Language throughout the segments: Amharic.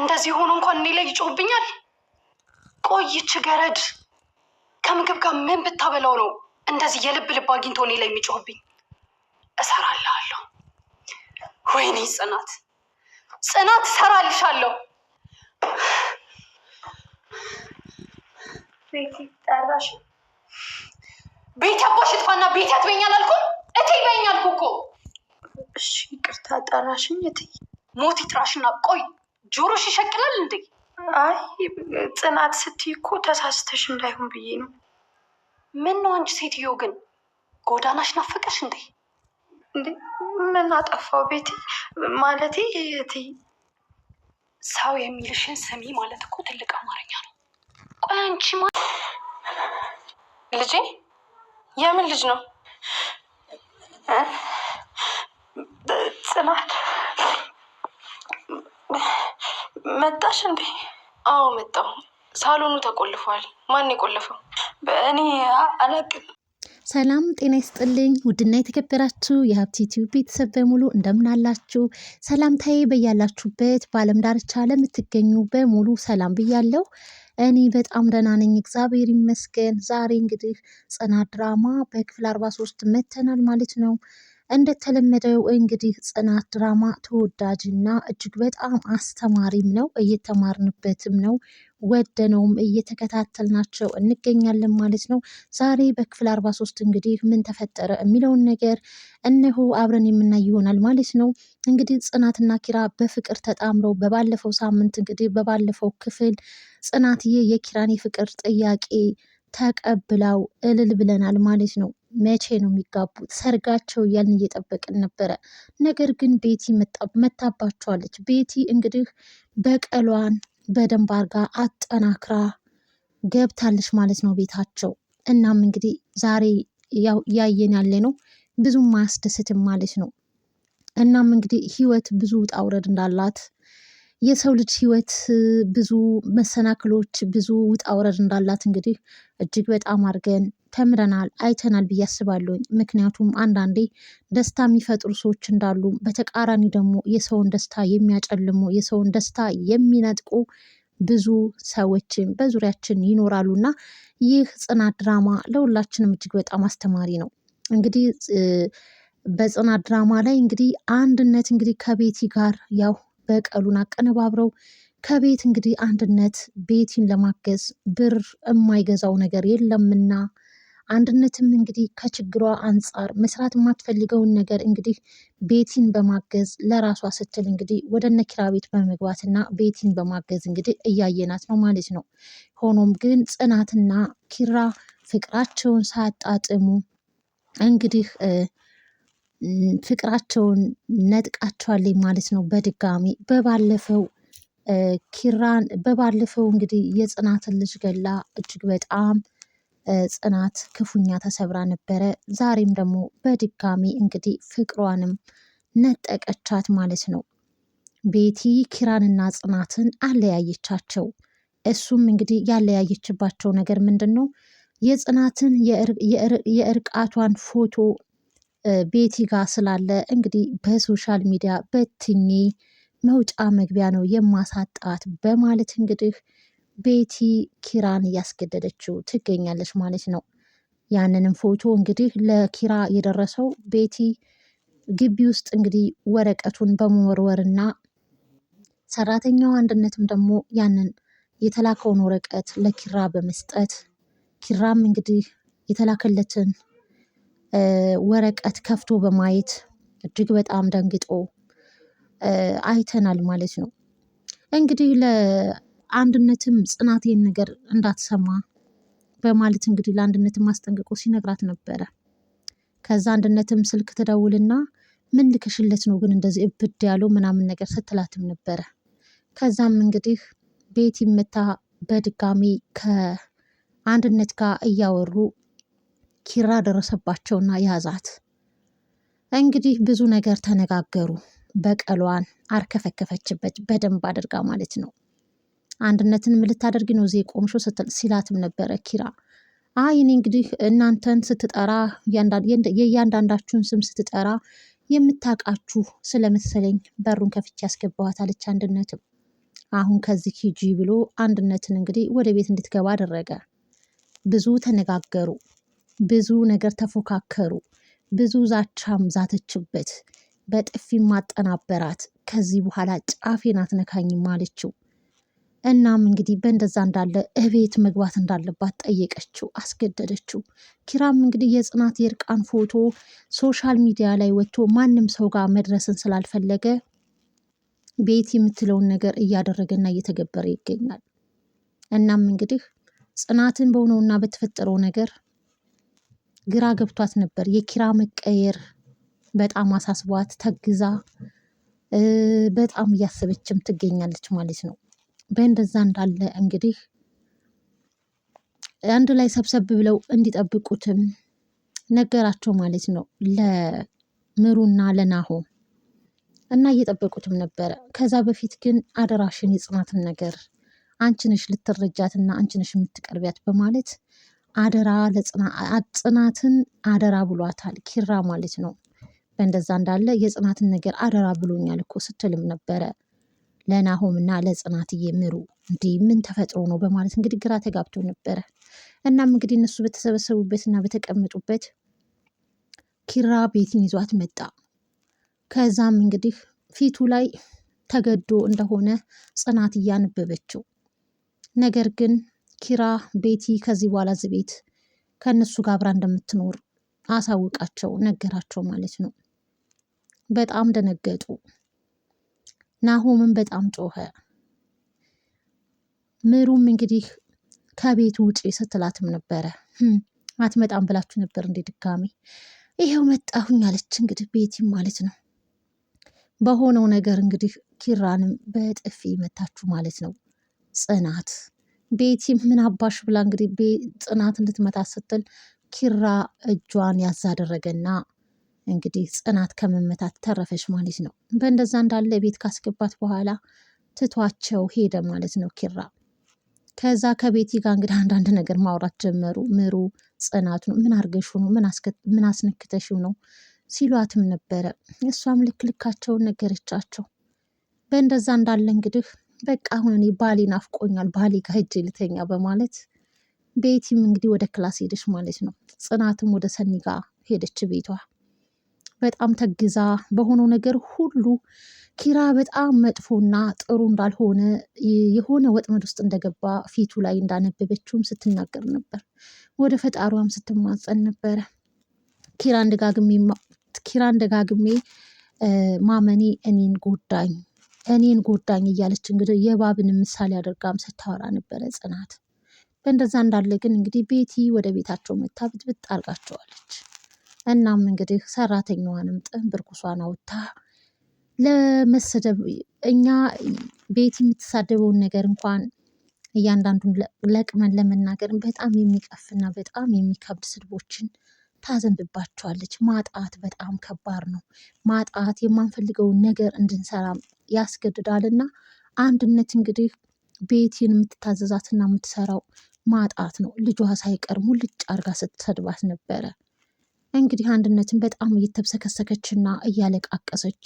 እንደዚህ ሆኖ እንኳን እኔ ላይ ይጮህብኛል። ቆይች ገረድ ከምግብ ጋር ምን ብታበላው ነው እንደዚህ የልብ ልብ አግኝቶ እኔ ላይ የሚጮህብኝ? እሰራልሃለሁ። ወይኔ ጽናት ጽናት እሰራልሻለሁ። ቤቲ ጠራሽ? ቤት አባሽ እጥፋና ቤት ያትበኛል አልኩ። እቴ በይኝ እኮ። እሺ ይቅርታ ጠራሽኝ። እቴ ሞት ይትራሽና ቆይ ጆሮሽ ይሸቅላል እንዴ? አይ ጽናት ስትይ እኮ ተሳስተሽ እንዳይሆን ብዬ ነው። ምን ነው አንቺ ሴትዮ ግን ጎዳናሽ ናፈቀሽ እንዴ? እንዴ ምን አጠፋው ቤቴ ማለቴ እህቴ። ሰው የሚልሽን ስሚ ማለት እኮ ትልቅ አማርኛ ነው። ቆይ አንቺ ማ ልጄ የምን ልጅ ነው? ጽናት መጣሽ እንዴ? አዎ መጣሁ። ሳሎኑ ተቆልፏል። ማን የቆለፈው? በእኔ አላቅም። ሰላም ጤና ይስጥልኝ። ውድና የተከበራችሁ የሀብት ዩቲዩብ ቤተሰብ በሙሉ አላችሁ? ሰላምታዬ በያላችሁበት በዓለም ዳርቻ ለምትገኙ በሙሉ ሰላም ብያለሁ። እኔ በጣም ደህና ነኝ፣ እግዚአብሔር ይመስገን። ዛሬ እንግዲህ ጽናት ድራማ በክፍል አርባ ሶስት መተናል ማለት ነው። እንደተለመደው እንግዲህ ጽናት ድራማ ተወዳጅና እጅግ በጣም አስተማሪም ነው። እየተማርንበትም ነው ወደነውም እየተከታተልናቸው እንገኛለን ማለት ነው። ዛሬ በክፍል 43 እንግዲህ ምን ተፈጠረ የሚለውን ነገር እነሆ አብረን የምናይ ይሆናል ማለት ነው። እንግዲህ ጽናትና ኪራ በፍቅር ተጣምረው በባለፈው ሳምንት እንግዲህ በባለፈው ክፍል ጽናትዬ የኪራን የፍቅር ጥያቄ ተቀብላው እልል ብለናል ማለት ነው። መቼ ነው የሚጋቡት ሰርጋቸው እያልን እየጠበቅን ነበረ። ነገር ግን ቤቲ መታባቸዋለች። ቤቲ እንግዲህ በቀሏን በደንብ አርጋ አጠናክራ ገብታለች ማለት ነው ቤታቸው። እናም እንግዲህ ዛሬ ያየን ያለ ነው ብዙም አያስደስትም ማለት ነው። እናም እንግዲህ ህይወት ብዙ ውጣ ውረድ እንዳላት የሰው ልጅ ህይወት ብዙ መሰናክሎች፣ ብዙ ውጣ ውረድ እንዳላት እንግዲህ እጅግ በጣም አድርገን ተምረናል አይተናል ብዬ አስባለሁኝ። ምክንያቱም አንዳንዴ ደስታ የሚፈጥሩ ሰዎች እንዳሉ በተቃራኒ ደግሞ የሰውን ደስታ የሚያጨልሙ የሰውን ደስታ የሚነጥቁ ብዙ ሰዎችን በዙሪያችን ይኖራሉ እና ይህ ጽናት ድራማ ለሁላችንም እጅግ በጣም አስተማሪ ነው። እንግዲህ በጽናት ድራማ ላይ እንግዲህ አንድነት እንግዲህ ከቤቲ ጋር ያው በቀሉን አቀነባብረው ከቤት እንግዲህ አንድነት ቤቲን ለማገዝ ብር የማይገዛው ነገር የለምና አንድነትም እንግዲህ ከችግሯ አንጻር መስራት የማትፈልገውን ነገር እንግዲህ ቤቲን በማገዝ ለራሷ ስትል እንግዲህ ወደ እነ ኪራ ቤት በመግባትና ቤቲን በማገዝ እንግዲህ እያየናት ነው ማለት ነው። ሆኖም ግን ጽናትና ኪራ ፍቅራቸውን ሳያጣጥሙ እንግዲህ ፍቅራቸውን ነጥቃቸዋለኝ ማለት ነው። በድጋሚ በባለፈው ኪራን በባለፈው እንግዲህ የጽናትን ልጅ ገላ እጅግ በጣም ጽናት ክፉኛ ተሰብራ ነበረ። ዛሬም ደግሞ በድጋሚ እንግዲህ ፍቅሯንም ነጠቀቻት ማለት ነው። ቤቲ ኪራንና ጽናትን አለያየቻቸው። እሱም እንግዲህ ያለያየችባቸው ነገር ምንድን ነው? የጽናትን የእርቃቷን ፎቶ ቤቲ ጋር ስላለ እንግዲህ በሶሻል ሚዲያ በትኜ መውጫ መግቢያ ነው የማሳጣት በማለት እንግዲህ ቤቲ ኪራን እያስገደደችው ትገኛለች ማለት ነው። ያንንም ፎቶ እንግዲህ ለኪራ የደረሰው ቤቲ ግቢ ውስጥ እንግዲህ ወረቀቱን በመወርወር እና ሰራተኛው አንድነትም ደግሞ ያንን የተላከውን ወረቀት ለኪራ በመስጠት ኪራም እንግዲህ የተላከለትን ወረቀት ከፍቶ በማየት እጅግ በጣም ደንግጦ አይተናል ማለት ነው። እንግዲህ አንድነትም ጽናቴን ነገር እንዳትሰማ በማለት እንግዲህ ለአንድነትም አስጠንቅቆ ሲነግራት ነበረ። ከዛ አንድነትም ስልክ ትደውልና ምን ልክሽለት ነው ግን እንደዚህ እብድ ያለው ምናምን ነገር ስትላትም ነበረ። ከዛም እንግዲህ ቤቲ ይመታ በድጋሚ ከአንድነት ጋር እያወሩ ኪራ ደረሰባቸውና ያዛት። እንግዲህ ብዙ ነገር ተነጋገሩ። በቀሏን አርከፈከፈችበት በደንብ አድርጋ ማለት ነው። አንድነትን ምን ልታደርጊ ነው እዚህ የቆምሽው ስትል ሲላትም ነበረ ኪራ። አይ እኔ እንግዲህ እናንተን ስትጠራ የእያንዳንዳችሁን ስም ስትጠራ የምታውቃችሁ ስለመሰለኝ በሩን ከፍቼ ያስገባኋት አለች አንድነትም። አሁን ከዚህ ሂጂ ብሎ አንድነትን እንግዲህ ወደ ቤት እንድትገባ አደረገ። ብዙ ተነጋገሩ፣ ብዙ ነገር ተፎካከሩ፣ ብዙ ዛቻም ዛተችበት፣ በጥፊ ማጠናበራት። ከዚህ በኋላ ጫፌን አትነካኝም አለችው። እናም እንግዲህ በእንደዛ እንዳለ እቤት መግባት እንዳለባት ጠየቀችው፣ አስገደደችው። ኪራም እንግዲህ የጽናት የእርቃን ፎቶ ሶሻል ሚዲያ ላይ ወጥቶ ማንም ሰው ጋር መድረስን ስላልፈለገ ቤት የምትለውን ነገር እያደረገና እየተገበረ ይገኛል። እናም እንግዲህ ጽናትን በሆነውና በተፈጠረው ነገር ግራ ገብቷት ነበር። የኪራ መቀየር በጣም አሳስቧት ተግዛ በጣም እያሰበችም ትገኛለች ማለት ነው። በእንደዛ እንዳለ እንግዲህ አንድ ላይ ሰብሰብ ብለው እንዲጠብቁትም ነገራቸው ማለት ነው ለምሩና ለናሆ እና እየጠበቁትም ነበረ። ከዛ በፊት ግን አደራሽን የጽናትን ነገር አንችንሽ ልትረጃትና አንችንሽ የምትቀርቢያት በማለት አደራ ጽናትን አደራ ብሏታል ኪራ ማለት ነው። በእንደዛ እንዳለ የጽናትን ነገር አደራ ብሎኛል እኮ ስትልም ነበረ። ለናሆም እና ለጽናትዬ ምሩ እንዲህ ምን ተፈጥሮ ነው በማለት እንግዲህ ግራ ተጋብቶ ነበረ። እናም እንግዲህ እነሱ በተሰበሰቡበት እና በተቀመጡበት ኪራ ቤትን ይዟት መጣ። ከዛም እንግዲህ ፊቱ ላይ ተገዶ እንደሆነ ጽናት እያነበበችው፣ ነገር ግን ኪራ ቤቲ ከዚህ በኋላ እዚህ ቤት ከእነሱ ጋር አብራ እንደምትኖር አሳውቃቸው ነገራቸው ማለት ነው። በጣም ደነገጡ። ናሆምን በጣም ጮኸ። ምሩም እንግዲህ ከቤት ውጪ ስትላትም ነበረ። አትመጣም ብላችሁ ነበር እንዴ? ድጋሚ ይሄው መጣሁኝ አለች። እንግዲህ ቤቲ ማለት ነው በሆነው ነገር እንግዲህ ኪራንም በጥፊ መታችሁ ማለት ነው ጽናት። ቤቲም ምን አባሽ ብላ እንግዲህ ጽናት እንድትመታ ስትል ኪራ እጇን ያዛደረገና እንግዲህ ጽናት ከመመታት ተረፈች ማለት ነው። በእንደዛ እንዳለ ቤት ካስገባት በኋላ ትቷቸው ሄደ ማለት ነው ኪራ። ከዛ ከቤቲ ጋር እንግዲህ አንዳንድ ነገር ማውራት ጀመሩ። ምሩ ጽናቱ ምን አርገሽ ነው ምን አስነክተሽ ነው ሲሏትም ነበረ። እሷም ልክ ልካቸውን ነገረቻቸው። በእንደዛ እንዳለ እንግዲህ በቃ አሁን እኔ ባሌ ናፍቆኛል፣ ባሌ ጋር ሂጅ ልተኛ በማለት ቤቲም እንግዲህ ወደ ክላስ ሄደች ማለት ነው። ጽናትም ወደ ሰኒ ጋር ሄደች ቤቷ። በጣም ተግዛ በሆነው ነገር ሁሉ ኪራ በጣም መጥፎና ጥሩ እንዳልሆነ የሆነ ወጥመድ ውስጥ እንደገባ ፊቱ ላይ እንዳነበበችውም ስትናገር ነበር። ወደ ፈጣሪዋም ስትማጸን ነበረ። ኪራን ደጋግሜ ማመኔ እኔን ጎዳኝ እኔን ጎዳኝ እያለች እንግዲህ የባብን ምሳሌ አድርጋም ስታወራ ነበረ ጽናት። በእንደዛ እንዳለ ግን እንግዲህ ቤቲ ወደ ቤታቸው መታ ብጥብጥ አርጋቸዋለች። እናም እንግዲህ ሰራተኛዋንም ጥንብርኩሷን አውታ ለመሰደብ እኛ ቤት የምትሳደበውን ነገር እንኳን እያንዳንዱን ለቅመን ለመናገር በጣም የሚቀፍና በጣም የሚከብድ ስድቦችን ታዘንብባቸዋለች። ማጣት በጣም ከባድ ነው። ማጣት የማንፈልገውን ነገር እንድንሰራ ያስገድዳል እና አንድነት እንግዲህ ቤቲን የምትታዘዛትና የምትሰራው ማጣት ነው። ልጇ ሳይቀር ሙልጭ አድርጋ ስትሰድባት ነበረ። እንግዲህ አንድነትን በጣም እየተብሰከሰከችና እያለቃቀሰች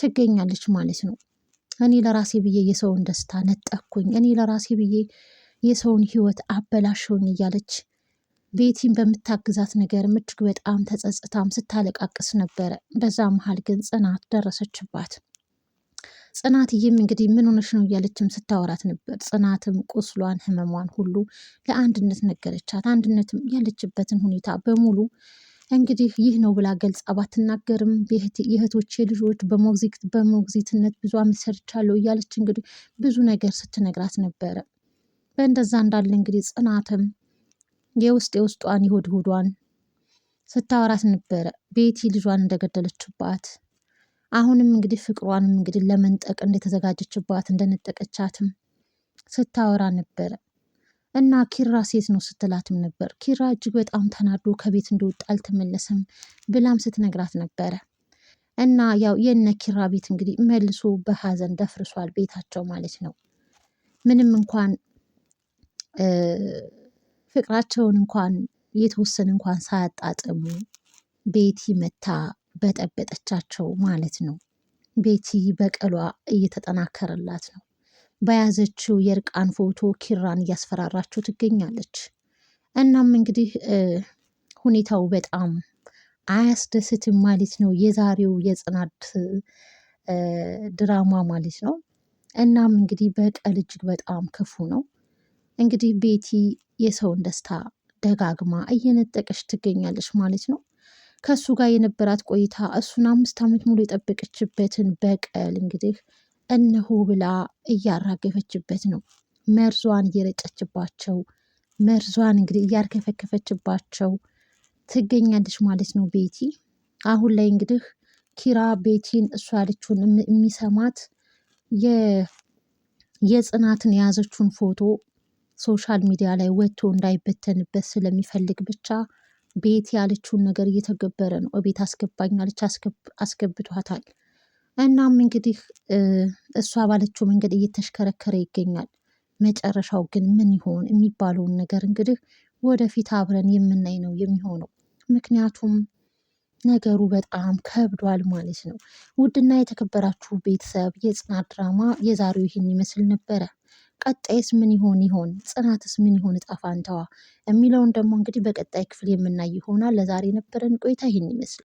ትገኛለች ማለት ነው። እኔ ለራሴ ብዬ የሰውን ደስታ ነጠኩኝ፣ እኔ ለራሴ ብዬ የሰውን ህይወት አበላሸውኝ እያለች ቤቲን በምታግዛት ነገር እጅግ በጣም ተጸጽታም ስታለቃቅስ ነበረ። በዛ መሀል ግን ጽናት ደረሰችባት። ጽናትዬም እንግዲህ ምን ሆነሽ ነው እያለችም ስታወራት ነበር። ጽናትም ቁስሏን፣ ህመሟን ሁሉ ለአንድነት ነገረቻት። አንድነትም ያለችበትን ሁኔታ በሙሉ እንግዲህ ይህ ነው ብላ ገልጻ ባትናገርም የእህቶቼ ልጆች በሞግዚት በሞግዚትነት ብዙ ዓመት እያለች እንግዲህ ብዙ ነገር ስትነግራት ነበረ። በእንደዛ እንዳለ እንግዲህ ጽናትም የውስጥ የውስጧን የሆድ ሆዷን ስታወራት ነበረ። ቤቲ ልጇን እንደገደለችባት አሁንም እንግዲህ ፍቅሯንም እንግዲህ ለመንጠቅ እንደተዘጋጀችባት እንደነጠቀቻትም ስታወራ ነበረ። እና ኪራ ሴት ነው ስትላትም ነበር። ኪራ እጅግ በጣም ተናዶ ከቤት እንደወጣ አልተመለሰም ብላም ስትነግራት ነበረ። እና ያው የነ ኪራ ቤት እንግዲህ መልሶ በሀዘን ደፍርሷል ቤታቸው ማለት ነው። ምንም እንኳን ፍቅራቸውን እንኳን የተወሰነ እንኳን ሳያጣጥሙ ቤቲ መታ በጠበጠቻቸው ማለት ነው። ቤቲ በቀሏ እየተጠናከረላት ነው። በያዘችው የእርቃን ፎቶ ኪራን እያስፈራራችው ትገኛለች። እናም እንግዲህ ሁኔታው በጣም አያስደስትም ማለት ነው፣ የዛሬው የጽናት ድራማ ማለት ነው። እናም እንግዲህ በቀል እጅግ በጣም ክፉ ነው። እንግዲህ ቤቲ የሰውን ደስታ ደጋግማ እየነጠቀች ትገኛለች ማለት ነው። ከእሱ ጋር የነበራት ቆይታ እሱን አምስት ዓመት ሙሉ የጠበቀችበትን በቀል እንግዲህ እነሆ ብላ እያራገፈችበት ነው። መርዟን እየረጨችባቸው መርዟን እንግዲህ እያርከፈከፈችባቸው ትገኛለች ማለት ነው ቤቲ። አሁን ላይ እንግዲህ ኪራ ቤቲን እሷ ያለችውን የሚሰማት የጽናትን የያዘችውን ፎቶ ሶሻል ሚዲያ ላይ ወጥቶ እንዳይበተንበት ስለሚፈልግ ብቻ ቤቲ ያለችውን ነገር እየተገበረ ነው። እቤት አስገባኝ አለች፣ አስገብቷታል። እናም እንግዲህ እሷ ባለችው መንገድ እየተሽከረከረ ይገኛል። መጨረሻው ግን ምን ይሆን የሚባለውን ነገር እንግዲህ ወደፊት አብረን የምናይ ነው የሚሆነው። ምክንያቱም ነገሩ በጣም ከብዷል ማለት ነው። ውድና የተከበራችሁ ቤተሰብ የጽናት ድራማ የዛሬው ይህን ይመስል ነበረ። ቀጣይስ ምን ይሆን ይሆን ጽናትስ ምን ይሆን እጣ የሚለውን ደግሞ እንግዲህ በቀጣይ ክፍል የምናይ ይሆናል። ለዛሬ የነበረን ቆይታ ይህን ይመስል